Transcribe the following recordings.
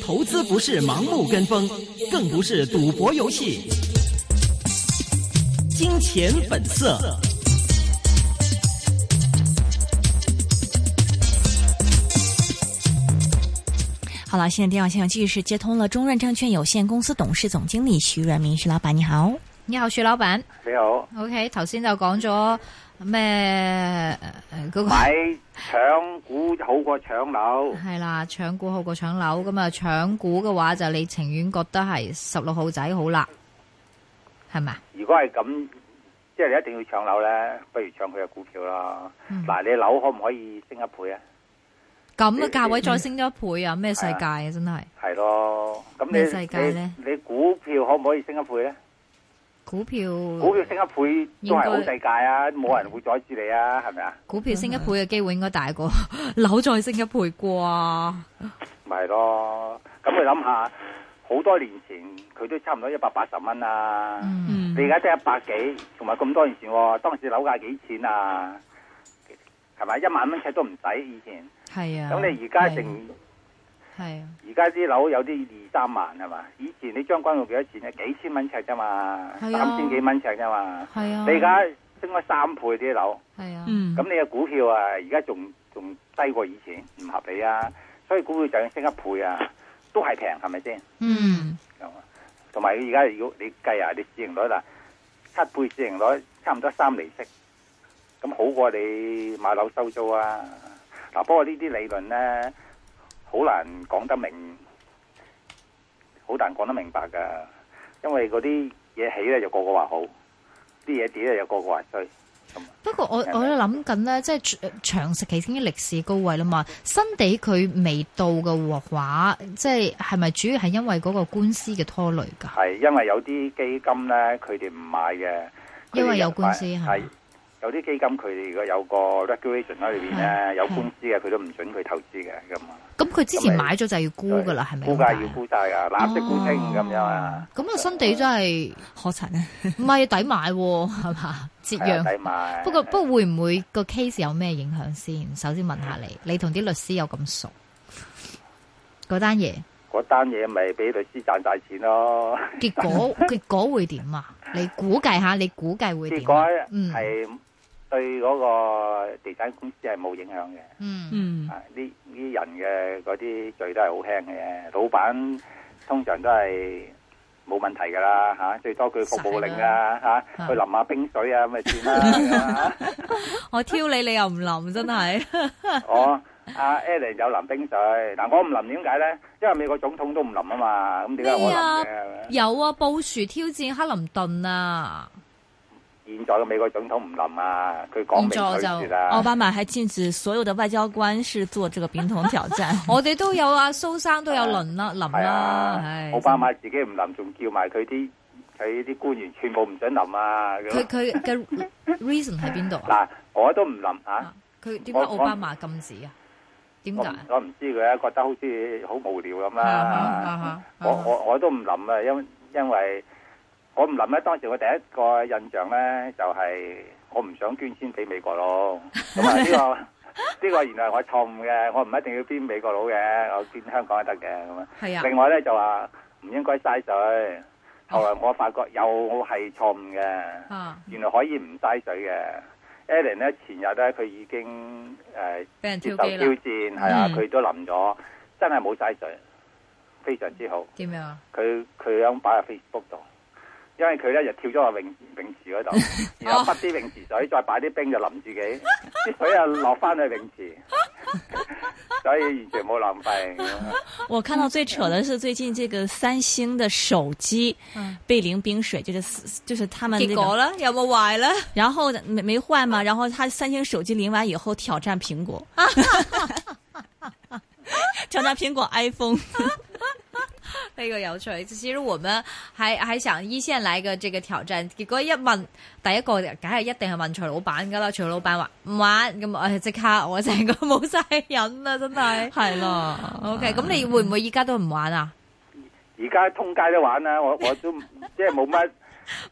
投資不是盲目跟風，更不是賭博遊戲。金錢本色。好了，現在電話線繼續是接通了中潤證券有限公司董事總經理徐潤民，徐老闆，你好。你好，徐老闆。你好。OK，頭先就講咗。咩嗰、嗰個買，搶股好過搶樓，係啦，搶股好過搶樓咁啊！搶股嘅話就你情願覺得係十六號仔好啦，係咪？如果係咁，即係你一定要搶樓咧，不如搶佢嘅股票，嗯、啦。嗱，你樓可唔可以升一倍啊？咁嘅價位再升咗一倍啊？咩，嗯、世界啊？真係係咯，咁咩世界呢？你你，你股票可唔可以升一倍咧？股票股票升一倍都係好世界啊！冇人會阻止你啊，係咪啊？股票升一倍嘅機會應該大過樓 再升一倍啩？咪、就、咯、是，咁你諗下，好 多年前佢都差唔多一百八十蚊啦。嗯，你而家得一百幾，同埋咁多年前、啊，當時樓價幾錢啊？係咪一萬蚊尺都唔使以前？係啊，咁你而家成。係而家啲樓有啲二三萬係嘛，以前你將軍澳幾多錢咧？幾千蚊尺啫嘛，三千、啊、幾蚊尺啫嘛。係啊，你而家升咗三倍啲樓。係啊，咁你嘅股票啊，而家仲仲低過以前，唔合理啊！所以股票就要升一倍啊，都係平係咪先？嗯。同埋而家要你計啊，你市盈率啦、啊，七倍市盈率，差唔多三厘息，咁好過你買樓收租啊！嗱，不過這些論呢啲理論咧。好難講得明，好難講得明白㗎。有啲基金佢哋如果有個 regulation 喺裏邊咧，有公司嘅佢都唔准佢投資嘅咁啊。咁佢之前買咗就要估㗎啦，係咪？估價要估晒㗎，藍色股升咁樣啊。咁啊，新地真係可陳啊，唔係抵買喎，係嘛？折讓。抵買。不過不過會唔會個 case 有咩影響先？首先問下你，你同啲律師有咁熟？嗰單嘢。嗰單嘢咪俾律師賺大錢咯。結果結果會點啊？你估計下，你估計會點啊？嗯，係。對嗰個地產公司係冇影響嘅，嗯嗯，啊，呢呢人嘅嗰啲罪都係好輕嘅，老闆通常都係冇問題噶啦，吓最多佢服務令啊，吓去淋下冰水啊咁啊算啦，我挑你你又唔淋真係，哦，阿 Ellie 有淋冰水，嗱我唔淋點解咧？因為美國總統都唔淋啊嘛，咁點解我淋嘅係咪？有啊，布殊挑戰克林頓啊！現在嘅美國總統唔林啊，佢講唔准住，奧巴馬還禁止所有的外交官是做這個冰桶挑戰。 我哋都有啊，蘇生都有林啦、啊，林 啦、啊。係奧、啊、巴馬自己唔林，仲叫埋佢啲啲官員全部唔准林啊。佢佢嘅 reason 喺邊度啊？嗱、啊，我都唔林啊。佢點解奧巴馬禁止啊？點解？我唔知佢，覺得好似好無聊咁啦、啊啊啊。我我我都唔林啊，因因為。因為我唔諗咧，當時我第一個印象咧就係、是、我唔想捐錢俾美國佬。咁啊、這個，呢個呢個原來我錯誤嘅，我唔一定要捐美國佬嘅，我捐香港係得嘅咁係啊。另外咧就話唔應該嘥水。後來我發覺又係錯誤嘅、啊，原來可以唔嘥水嘅。Ellen 咧前日咧佢已經誒、呃、接受挑戰係、嗯、啊，佢都諗咗，真係冇嘥水，非常之好。點樣、啊？佢佢咁擺喺 Facebook 度。因為佢一日跳咗去泳泳池嗰度，然後潑啲泳池水，再擺啲冰就淋自己，啲 水又落翻去泳池， 所以完全冇浪費。我看到最扯的是最近這個三星的手機被淋冰水，嗯、就是就是他們結果啦，有冇壞啦？然後沒沒壞嘛？然後他三星手機淋完以後挑戰蘋果， 挑戰蘋蘋果 iPhone。 呢、這個有趣，其實我們係係想一線來個這個挑戰，結果一問第一個，梗係一定係問徐老闆噶啦。徐老闆話唔玩，咁誒即刻我成個冇晒癮啦，真係係咯。OK，咁你會唔會依家都唔玩啊？而家通街都玩啦，我我都即係冇乜。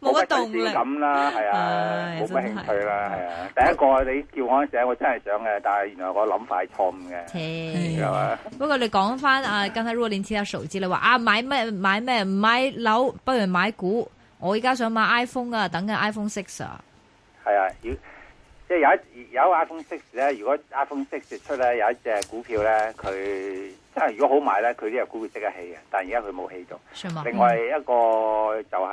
冇乜動力咁啦，係啊，冇乜、啊、興趣啦，係啊，啊，啊。第一個你叫我醒，我真係想嘅，但係原來我諗法係錯誤嘅。不過你講翻啊，跟佢、啊、若鏈車啊熟知你話啊，買咩買咩唔買樓，不如買股。我而家想買 iPhone 啊，等緊 iPhone Six 啊。係啊，即係有一有 iPhone Six 咧。如果 iPhone Six 出咧有一隻股票咧，佢真係如果好買咧，佢啲啊股會積得起嘅。但係而家佢冇起到，另外一個就。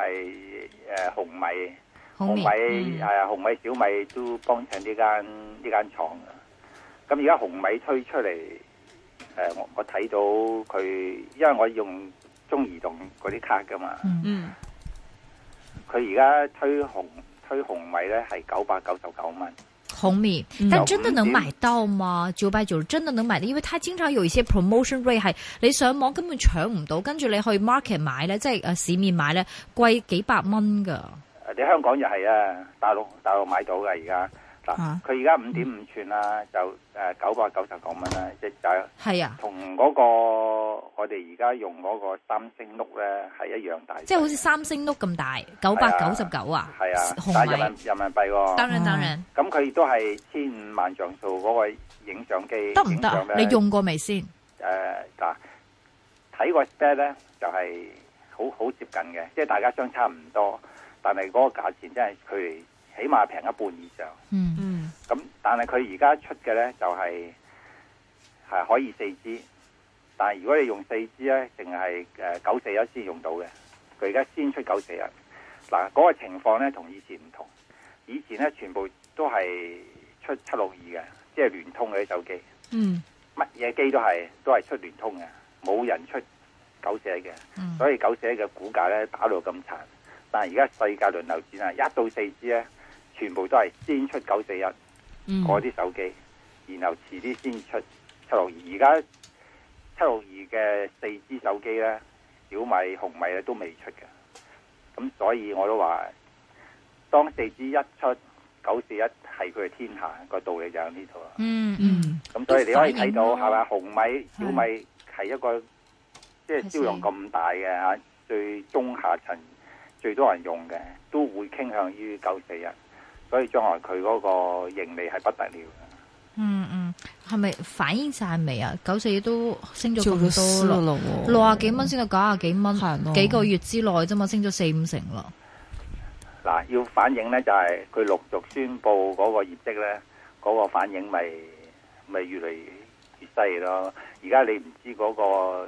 紅米，紅米誒、嗯啊，紅米小米都幫襯呢間呢間廠。咁而家紅米推出嚟，誒、啊，我我睇到佢，因為我用中移動嗰啲卡㗎嘛，佢而家推紅推紅米咧係九百九十九蚊。紅米，但真的能買到嗎？九百九是真的能買到，因為它經常有一些 promotion rate，係你上網根本搶唔到，跟住你去 market 買咧，即係誒市面買咧貴幾百蚊噶。你香港又係啊，大陸大陸買到噶而家。嗱，佢而家五點五寸啦，就誒九百九十九蚊啦，即係同嗰個我哋而家用嗰個三星碌咧係一樣大。即係好似三星碌咁大，九百九十九啊？係啊，但係人民人民幣喎。當然當然，咁佢都係千五萬像素嗰個影相機。得唔得？你用過未先？誒，嗱，睇個 spec 咧就係好好接近嘅，即係大家相差唔多，但係嗰個價錢真係佢。起碼平一半以上。嗯嗯。咁但係佢而家出嘅咧就係、是、係可以四 G，但係如果你用四 G 咧，淨係誒九四一先用到嘅。佢而家先出九四一。嗱，嗰、那個情況咧同以前唔同。以前咧全部都係出七六二嘅，即係聯通嗰啲手機。嗯。乜嘢機都係都係出聯通嘅，冇人出九四一嘅。所以九四一嘅股價咧打到咁殘，但係而家世界輪流轉啊，一到四 G 咧。全部都係先出九四一嗰啲手機，嗯、然後遲啲先出七六二。而家七六二嘅四 G 手機咧，小米、紅米咧都未出嘅。咁所以我都話，當四 G 一出九四一係佢嘅天下，個道理就喺呢度喇。嗯嗯。咁所以你可以睇到係咪、嗯、紅米、小米係一個即係銷量咁大嘅嚇，最中下層最多人用嘅，都會傾向於九四一。所以將來佢嗰個盈利係不得了嘅。嗯嗯，係、嗯、咪反映晒未啊？九四都升咗咁多咯，六六六啊幾蚊升到九啊幾蚊，幾個月之內啫嘛，升咗四五成咯。嗱，要反映咧就係佢陸續宣布嗰個業績咧，嗰個反映咪咪越嚟越犀利咯。而家你唔知嗰個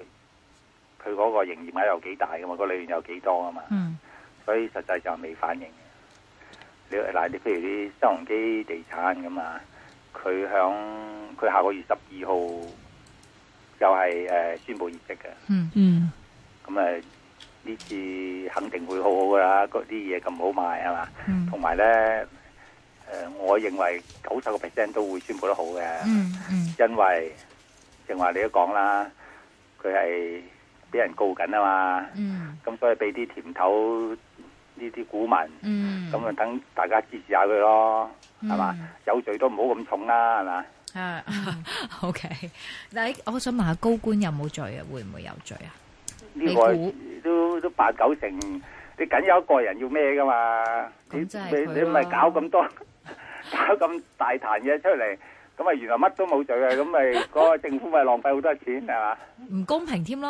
佢嗰個營業額有幾大噶嘛，個利潤有幾多啊嘛。嗯。所以實際就未反映的。你嗱，你譬如啲新鴻基地產咁啊，佢響佢下個月十二號又係誒宣布業績嘅。嗯嗯。咁啊，呢次肯定會好好噶啦，嗰啲嘢咁好賣係嘛？嗯。同埋咧，誒，我認為九十個 percent 都會宣布得好嘅。嗯嗯。因為正話你都講啦，佢係俾人告緊啊嘛。嗯。咁所以俾啲甜頭。呢啲股民，咁啊等大家支持下佢咯，係、嗯、嘛？有罪都唔好咁重啦、啊，啊，嗱、嗯。啊 ，OK。但係，我想問下高官有冇罪啊？會唔會有罪啊？呢、這、股、個、都都八九成，你梗有一個人要孭㗎嘛？是你你唔係搞咁多， 搞咁大壇嘢出嚟。咁咪原來乜都冇罪嘅，咁咪嗰個政府咪浪費好多錢係嘛？唔 公平添咯。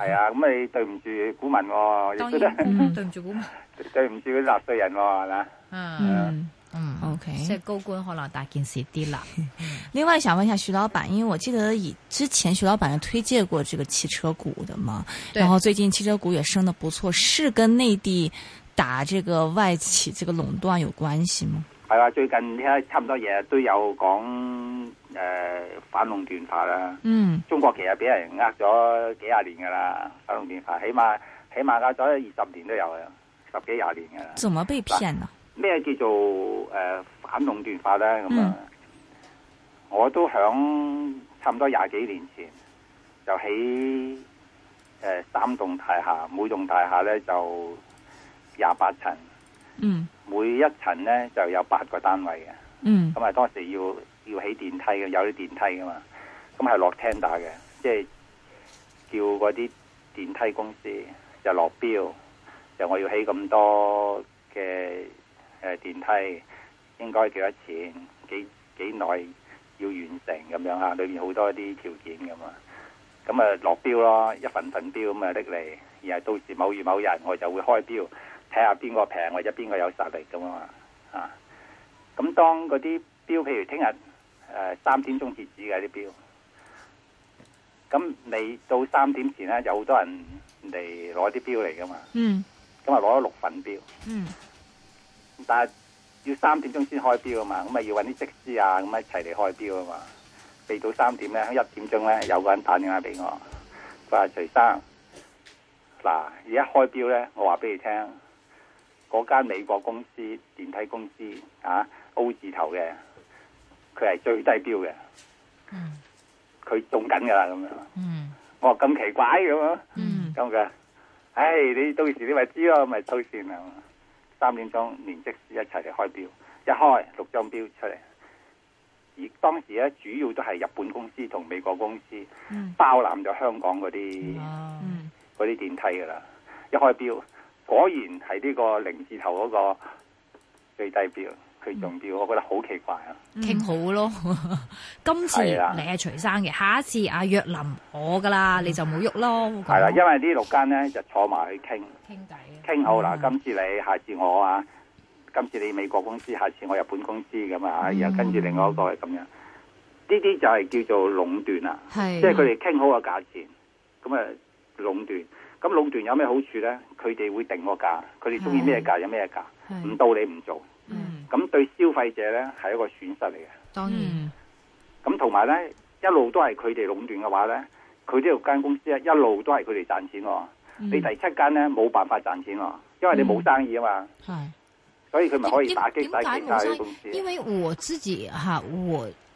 係啊，咁咪對唔住股民喎、哦嗯。對唔住股民，對唔住啲納稅人喎係嘛？嗯嗯，OK，即係高官可能大件事啲啦。另外想問一下徐老闆，因為我記得以之前徐老闆推介過這個汽車股的嘛，然後最近汽車股也升得不錯，是跟內地打這個外企這個壟斷有關係嗎？係最近差唔多日日都有講誒、呃、反壟斷法啦。嗯，中國其實俾人呃咗幾廿年噶啦，反壟斷法起碼起碼呃咗二十年都有，十幾廿年噶啦。怎麼被騙、啊呃、呢？咩叫做誒反壟斷法呢？咁、嗯、啊，我都響差唔多廿幾年前就喺誒、呃、三棟大廈、每棟大廈呢就廿八層。嗯，每一層咧就有八個單位嘅，嗯，咁啊當時要要起電梯嘅，有啲電梯噶嘛，咁係落 tender 嘅，即係叫嗰啲電梯公司就落標，就我要起咁多嘅誒電梯，應該幾多錢，幾幾耐要完成咁樣吓，裏面好多啲條件噶嘛，咁啊落標咯，一份份標咁啊拎嚟，而係到時某月某日我就會開標。睇下邊個平或者邊個有實力咁啊嘛，啊，咁當嗰啲標，譬如聽日誒三點鐘截止嘅啲標，咁未到三點前咧，有好多人嚟攞啲標嚟噶嘛。嗯，咁啊攞咗六份標。嗯，但係要三點鐘先開標啊嘛，咁啊要搵啲職師啊咁一齊嚟開標啊嘛。未到三點咧，一點鐘咧，有個人打電話俾我，佢話徐生，嗱而家開標咧，我話俾你聽。嗰間美國公司電梯公司啊 O 字頭嘅，佢係最低標嘅，嗯，佢中緊噶啦咁樣，嗯，我話咁奇怪咁樣，嗯，咁嘅，唉，你到時你咪知咯，咪收線啦，三點鐘，年職司一齊嚟開標，一開六張標出嚟，而當時咧主要都係日本公司同美國公司包攬咗香港嗰啲，嗯，啲、嗯、電梯噶啦，一開標。果然係呢個零字頭嗰個最低標，佢中標，我覺得好奇怪啊！傾、嗯、好咯， 今次你係徐生嘅、啊，下一次阿、啊、若林我噶啦，你就冇喐咯。係啦、啊，因為這六間呢六間咧就坐埋去傾傾偈，傾好啦、啊、今次你，下次我啊，今次你美國公司，下次我日本公司咁啊，又、嗯、跟住另外一個係咁樣，呢啲就係叫做壟斷啦，即係佢哋傾好個價錢，咁啊壟斷。咁壟斷有咩好處咧？佢哋會定個價，佢哋中意咩價就咩價，唔到你唔做。咁、嗯、對消費者咧係一個損失嚟嘅。當然。咁同埋咧，一路都係佢哋壟斷嘅話咧，佢呢度間公司咧一路都係佢哋賺錢喎、嗯。你第七間咧冇辦法賺錢喎，因為你冇生意啊嘛。係、嗯。所以佢咪可以打擊晒其他啲公司。因為我自己嚇我。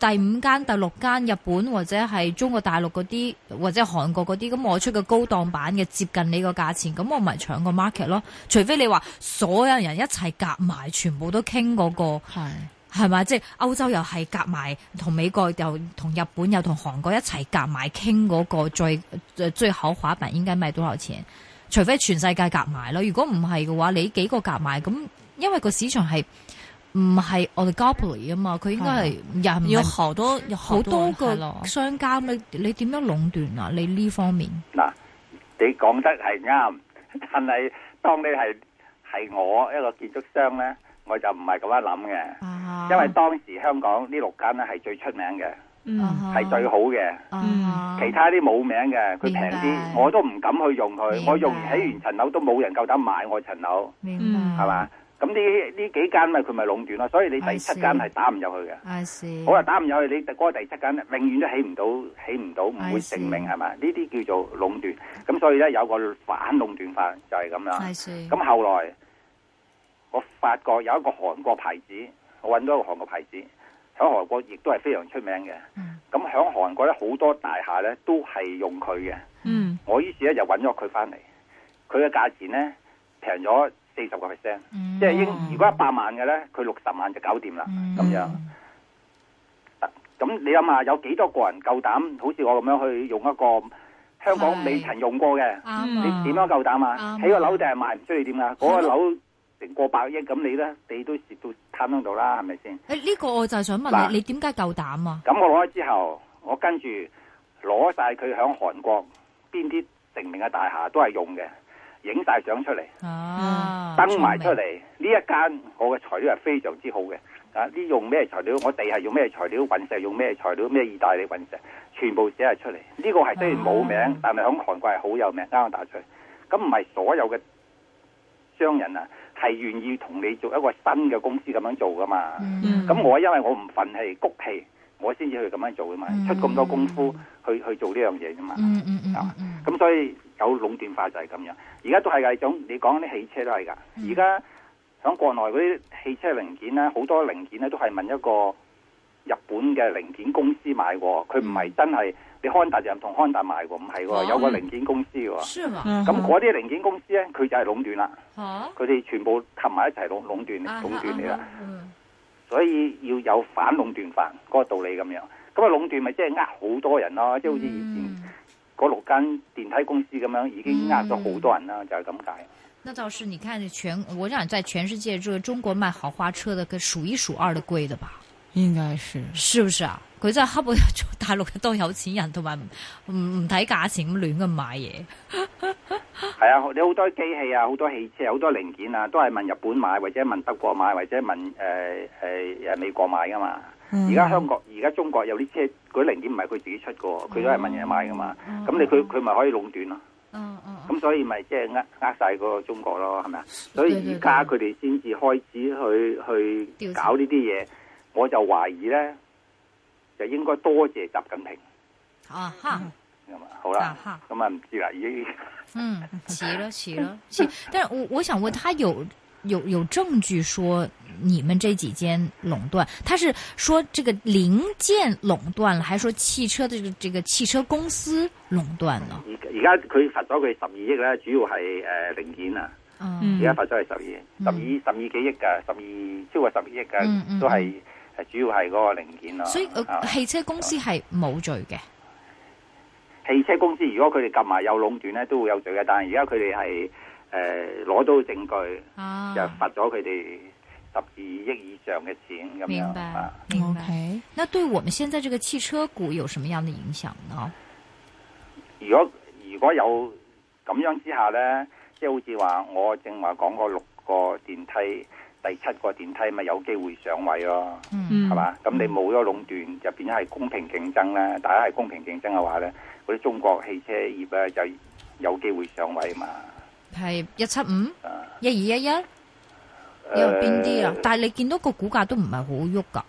第五間、第六間，日本或者係中國大陸嗰啲，或者韓國嗰啲，咁我出個高檔版嘅接近你個價錢，咁我咪係搶個 market 咯。除非你話所有人一齊夾埋，全部都傾嗰、嗰個係咪？即係歐洲又係夾埋，同美國又同日本又同韓國一齊夾埋傾嗰個最最口畫板應該賣多少錢？除非全世界夾埋咯。如果唔係嘅話，你幾個夾埋咁，那因為個市場係。唔係我哋 oligopoly 啊嘛，佢應該係有好多好多個商家。你你點樣壟斷啊？你呢方面嗱，你講得係啱，但係當你係係我一個建築商咧，我就唔係咁樣諗嘅，因為當時香港呢六間咧係最出名嘅，係最好嘅，其他啲冇名嘅，佢平啲，我都唔敢去用佢。我用起完層樓都冇人夠膽買我層樓，係嘛？咁呢呢幾間咪佢咪壟斷咯，所以你第七間係打唔入去嘅。好啦，打唔入去，你個第七間，永遠都起唔到，起唔到，唔會成名係嘛？呢啲叫做壟斷，咁所以咧有個反壟斷法就係咁樣。咁後來我發覺有一個韓國牌子，我揾到一個韓國牌子，喺韓國亦都係非常出名嘅。咁喺韓國咧好多大廈咧都係用佢嘅。嗯。我於是咧就揾咗佢翻嚟，佢嘅價錢咧平咗。四十個 percent，即係應如果一百萬嘅咧，佢六十萬就搞掂啦，咁樣。咁、嗯啊、你諗下，有幾多個人夠膽？好似我咁樣去用一個香港未曾用過嘅，你點樣夠膽啊？喺個樓定係賣唔出你點啊？嗰、那個樓成過百億，咁你咧你都蝕到攤喺度啦，係咪先？誒、欸、呢、這個我就係想問你、啊，你點解夠膽啊？咁我攞咗之後，我跟住攞晒佢響韓國邊啲成名嘅大廈都係用嘅。影晒相出嚟，登埋出嚟。呢一間我嘅材料係非常之好嘅，啊，呢、啊、用咩材料，我哋係用咩材料，雲石用咩材料，咩意大利雲石，全部寫晒出嚟。呢、這個係雖然冇名，啊、但係響韓國係好有名，啱啱打出嚟。咁唔係所有嘅商人啊，係願意同你做一個新嘅公司咁樣做噶嘛？咁、嗯、我因為我唔憤氣，谷氣。我先至去咁樣做嘅嘛，嗯、出咁多功夫去、嗯、去做呢樣嘢嘅嘛。嗯嗯嗯。咁所以有壟斷化就係咁樣。而家都係嘅，種你講啲汽車都係㗎。而家喺國內嗰啲汽車零件咧，好多零件咧都係問一個日本嘅零件公司買喎。佢唔係真係，你康達就同康達買喎，唔係喎，有個零件公司喎。是嘛？咁嗰啲零件公司咧，佢就係壟斷啦。佢、啊、哋全部揼埋一齊壟壟斷，壟斷你啦。啊啊啊啊啊所以要有反壟斷法嗰、那個道理咁樣，咁、那、啊、個、壟斷咪即係呃好多人咯，即係好似以前嗰六間電梯公司咁樣，已經呃咗好多人啦、嗯，就係咁解。那倒是，你看全我想在全世界，就中國賣豪華車的，係數一數二都貴的吧？應該是，是不是啊？佢真係恰我大陸都有錢人，同埋唔唔睇價錢咁亂咁買嘢。 係啊，你好多機器啊，好多汽車，好多零件啊，都係問日本買，或者問德國買，或者問誒誒誒美國買噶嘛。而、嗯、家香港，而家中國有啲車嗰啲零件唔係佢自己出嘅，佢都係問人買噶嘛。咁、啊啊、你佢佢咪可以壟斷咯？咁、啊啊、所以咪即係呃呃晒個中國咯，係咪啊？所以而家佢哋先至開始去去搞呢啲嘢，我就懷疑咧，就應該多謝習近平。啊哈。嗯好啦，咁啊唔知啦，已經嗯，遲 啦、嗯，遲啦，但係我我想問，他有有有證據說你們這幾間壟斷？他是說這個零件壟斷了，還是說汽車的這個、這個、汽車公司壟斷了？而而家佢罰咗佢十二億啦，主要係誒零件啊，而、嗯、家罰咗係十二十二十二幾億噶，十二超過十二億噶，都係誒、嗯、主要係嗰個零件啊。所以、啊，汽車公司係冇罪嘅。汽車公司如果佢哋夾埋有壟斷咧，都會有罪嘅。但係而家佢哋係誒攞到證據，啊、就罰咗佢哋十二億以上嘅錢，咁樣明白啊。O、okay. K，那對我們現在這個汽車股有什麼樣的影響呢？如果如果有咁樣之下咧，即係好似話我正話講過六個電梯。第七個電梯咪有機會上位咯。嗯，係嘛？咁你冇咗壟斷，入邊係公平競爭咧，大家係公平競爭嘅話咧，嗰啲中國汽車業咧就有機會上位嘛。係一七五，一二一一，呢個邊啲啊？但係你見到個股價都唔係好喐噶，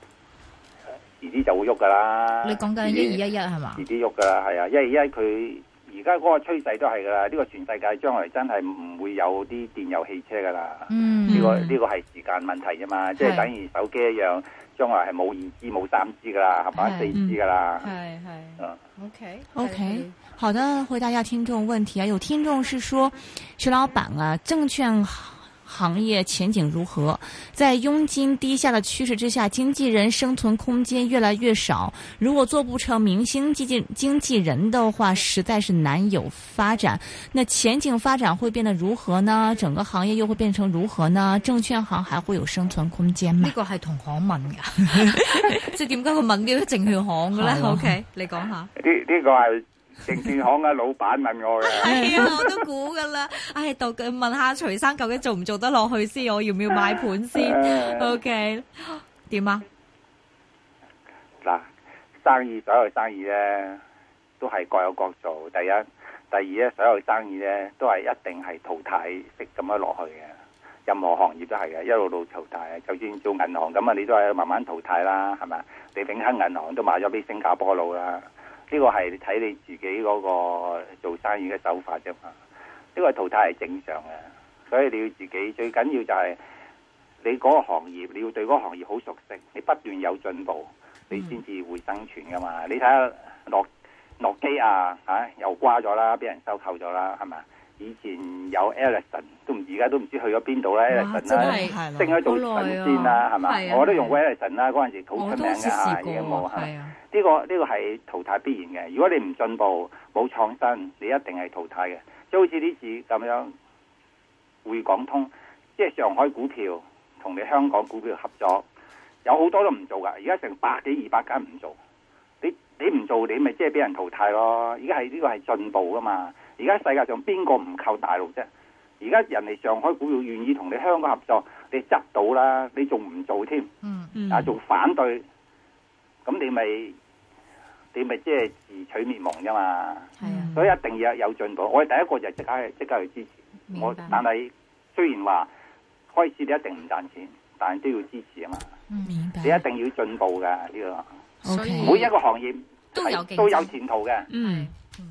遲啲就會喐噶啦。你講緊一二一一係嘛？遲啲喐噶啦，係啊，一二一佢。而家嗰個趨勢都係噶啦，呢、這個全世界將來真係唔會有啲電油汽車噶啦。呢、嗯這個呢、這個係時間問題啫嘛，即、嗯、係、就是、等於手機一樣，是將來係冇二 G 冇三 G 噶啦，係咪四 G 噶啦。係、嗯、係。o k、嗯、OK，, okay 好的，回答一下聽眾問題啊！有聽眾是說，徐老闆啊，證券。行業前景如何？在佣金低下的趨勢之下，經紀人生存空間越來越少。如果做不成明星經紀經紀人的話，實在是難有發展。那前景發展會變得如何呢？整個行業又會變成如何呢？證券行還會有生存空間嗎？呢、呢個係同行問㗎，即係點解佢問啲證券行嘅咧？好啦，OK，你講下。呢、這、呢個係。證 券行嘅、啊、老闆問我，係、 啊、我都估噶啦。唉、 哎，到問下徐生究竟做唔做得落去 要要先，我要唔要買盤先？O K，點啊？嗱、okay 啊，生意所有生意咧，都係各有各做。第一、第二咧，所有生意咧，都係一定係淘汰式咁樣落去嘅。任何行業都係嘅，一路路淘汰。就算做銀行咁啊，你都係慢慢淘汰啦，係咪？你永亨銀行都賣咗俾新加坡佬啦。呢、這個係你睇你自己嗰個做生意嘅手法啫嘛，呢、這個淘汰係正常嘅，所以你要自己最緊要就係你嗰個行業，你要對嗰個行業好熟悉，你不斷有進步，你先至會生存噶嘛。你睇下諾諾基亞嚇、啊、又瓜咗啦，俾人收購咗啦，係咪？以前有 Alexson 都而家都唔知去咗邊度啦。Alexson、啊、啦、啊，升喺做神仙啦，係嘛、啊？我都用 Alexson 啦、啊，嗰陣時好出名噶吓，嘢冇吓。呢、啊個呢、個係淘汰必然嘅。如果你唔進步，冇創新，你一定係淘汰嘅。即係好似呢次咁樣，滬港通，即係上海股票同你香港股票合作，有好多都唔做噶。而家成百幾、二百間唔做，你你唔做，你咪即係俾人淘汰咯。而家係呢個係進步噶嘛。而家世界上邊個唔靠大陸啫？而家人哋上海股票願意同你香港合作，你執到啦，你仲唔做添？嗯嗯，但、啊、仲反對，咁你咪你咪即係自取滅亡啫嘛。係、嗯、啊，所以一定要有進步。我哋第一個就即刻即刻去支持。明白。我但係雖然話開始你一定唔賺錢，但係都要支持啊嘛。明白。你一定要進步嘅呢、這個。所以每一個行業都係都有前途嘅。嗯。嗯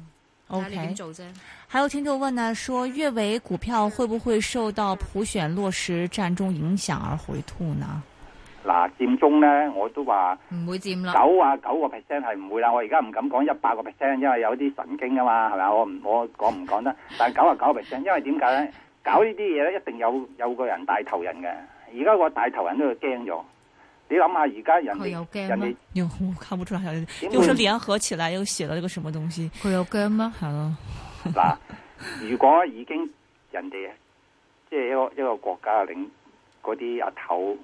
O、okay. 啫？還有聽眾問呢，說月尾股票會不會受到普選落實佔中影響而回吐呢？嗱，佔中咧，我都話唔會佔啦，九啊九個 percent 係唔會啦，我而家唔敢講一百個 percent，因為有啲神經啊嘛，係咪？我唔我講唔講得？但係九啊九個 percent，因為點解咧？搞呢啲嘢咧，一定有有個人帶頭人嘅，而家個帶頭人都會驚咗。你諗下現在人，而家人哋人哋又我搞唔出，又說聯合起來又寫了這個什麼東西？佢有驚咩？係、啊、咯。嗱 如果已經人哋即係一個一個國家領嗰啲阿頭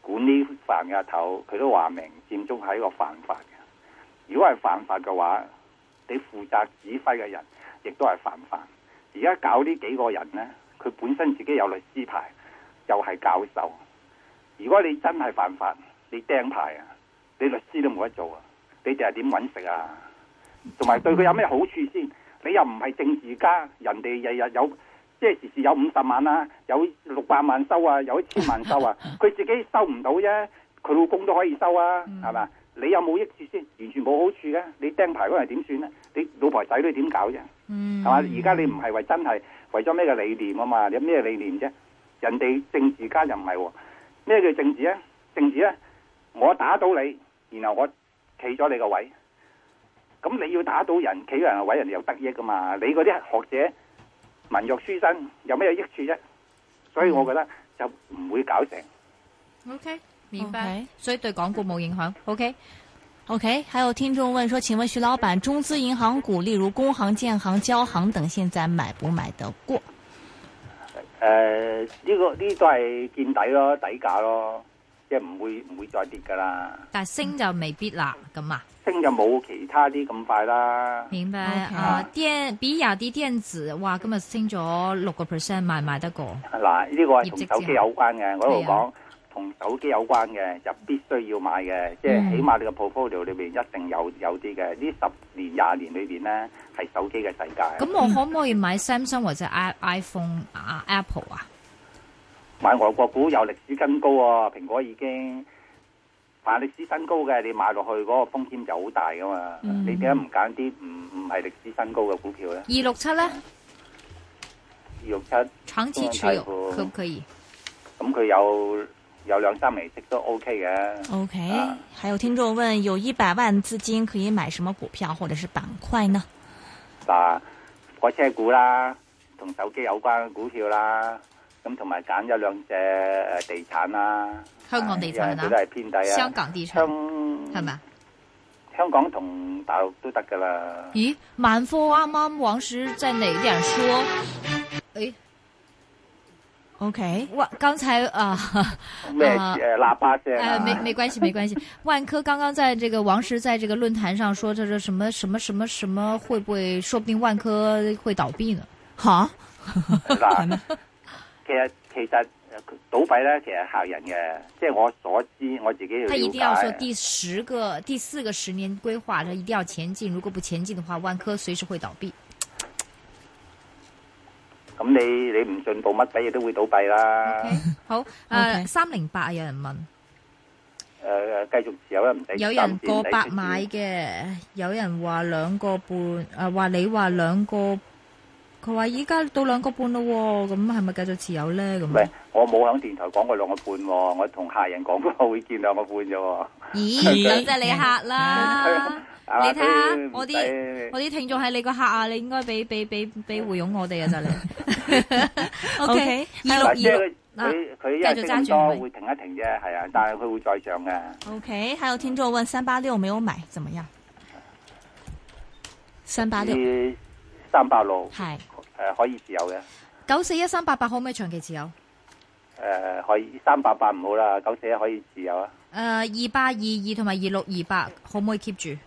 管呢犯嘅阿頭，佢都話明，佔中係一個犯法嘅。如果係犯法嘅話，你負責指揮嘅人亦都係犯法。而家搞呢幾個人咧，佢本身自己有律師牌，又、就、係、是、教授。如果你真係犯法，你釘牌啊，你律師都冇得做啊，你就係點揾食啊？同埋對佢有咩好處先？你又唔係政治家，人哋日日有即係時時有五十萬啦、啊，有六百萬收啊，有一千萬收啊，佢自己收唔到啫，佢老公都可以收啊，係、嗯、嘛？你有冇益處先？完全冇好處嘅，你釘牌嗰陣點算咧？你老婆仔女點搞啫？係、嗯、嘛？而家你唔係為真係為咗咩嘅理念啊嘛？有咩理念啫、啊？人哋政治家又唔係喎。咩叫政治啊？政治啊，我打倒你，然後我企咗你個位，咁你要打到人，企人個位，人哋又得益噶嘛？你嗰啲學者、文弱書生有咩益處啫？所以我覺得就唔會搞成。OK，明白。所以對港股冇影響。OK，OK，還有聽眾問說，請問徐老闆，中資銀行股，例如工行、建行、交行等，現在買不買得過？誒、呃，呢、這個呢、這個、都係見底咯，底價咯，即係唔會唔會再跌噶啦。但係升就未必啦，咁啊，升就冇其他啲咁快啦。明白、okay. 啊？啲比亞迪電子，哇，今日升咗六個 percent，賣賣得過？嗱，呢、這個係同手機有關嘅，我一路講。同手機有關嘅就必須要買嘅，即係起碼你個 portfolio 裏邊一定有有啲嘅。呢十年廿年裏邊咧，係手機嘅世界。咁我可唔可以買 Samsung 或者 iPhone 啊？Apple 啊？買外國股有歷史新高啊！蘋果已經買歷史新高嘅，你買落去嗰個風險就好大噶嘛。你點解唔揀啲唔唔係歷史新高嘅股票咧？二六七咧，二六七長期持有可唔可以？咁佢有。有兩三厘息都 OK 嘅。OK，、啊、還有聽眾問，有一百萬資金可以買什麼股票或者是板塊呢？嗱、啊，火車股啦，同手機有關嘅股票啦，咁同埋揀咗兩隻誒地產啦、啊，香港地產啦，都、哎、係偏低啊。香港地產，係咪？香港同大陸都得噶啦。咦，萬科啱啱王石在哪點說？誒、哎？OK，萬剛才啊啊、呃呃，喇叭聲、啊，呃，沒沒關係，沒關係。 萬科剛剛在這個王石在這個論壇上說，這是什麼什麼什麼什麼，會不會說不定萬科會倒閉呢？哈， 啦 其實其實倒閉呢，其實嚇人嘅，即、係、我所知，我自己，他一定要說第十個、第四個十年規劃，他一定要前進，如果不前進的話，萬科隨時會倒閉。咁你你唔進步，乜鬼嘢都會倒閉啦。Okay, 好，誒、 okay. 呃，三零八有人問，誒誒，繼續持有，唔使有人過百買嘅，有人話兩個半，誒、呃，話你話兩個，佢話依家到兩個半咯、哦，咁係咪繼續持有咧？咁、呃，唔係，我冇響電台講過兩個半、哦，我同客人講過我會見兩個半啫、哦。咦，咁 即係 你客啦。 你睇下我啲我啲聽眾係你個客啊，你應該俾俾俾俾回佣我哋啊，就你。O K. 二六二，佢佢、啊 okay, 啊啊、一定多會停一停啫，係、嗯、啊，但係佢會再上嘅。O、okay, K. 還有聽眾問三八六沒有買，怎麼樣？336，三八六，三八六係誒，可以持有嘅。九四一三八八可唔可以長期持有？誒、呃，可以三八八唔好啦，九四一可以持有啊。誒、呃，二八二二同埋二六二八可唔可以 keep 住？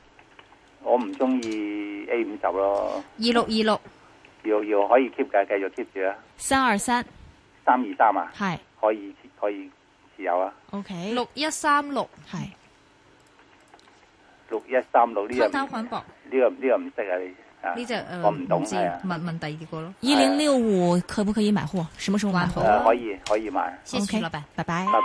我唔中意 A 五十咯，二六二六，要要可以 keep 嘅繼續 keep 住啊。三二三，三二三啊，係可以可以持有啊，OK 六一三六係，六一三六呢樣呢個呢、這個唔識啊，呢、這、隻、個這個呃、我唔懂先，問問第二個咯，一零六五可唔可以買貨？什麼時候買貨、啊、可以可以買，OK，老、okay, 闆，拜拜，拜拜。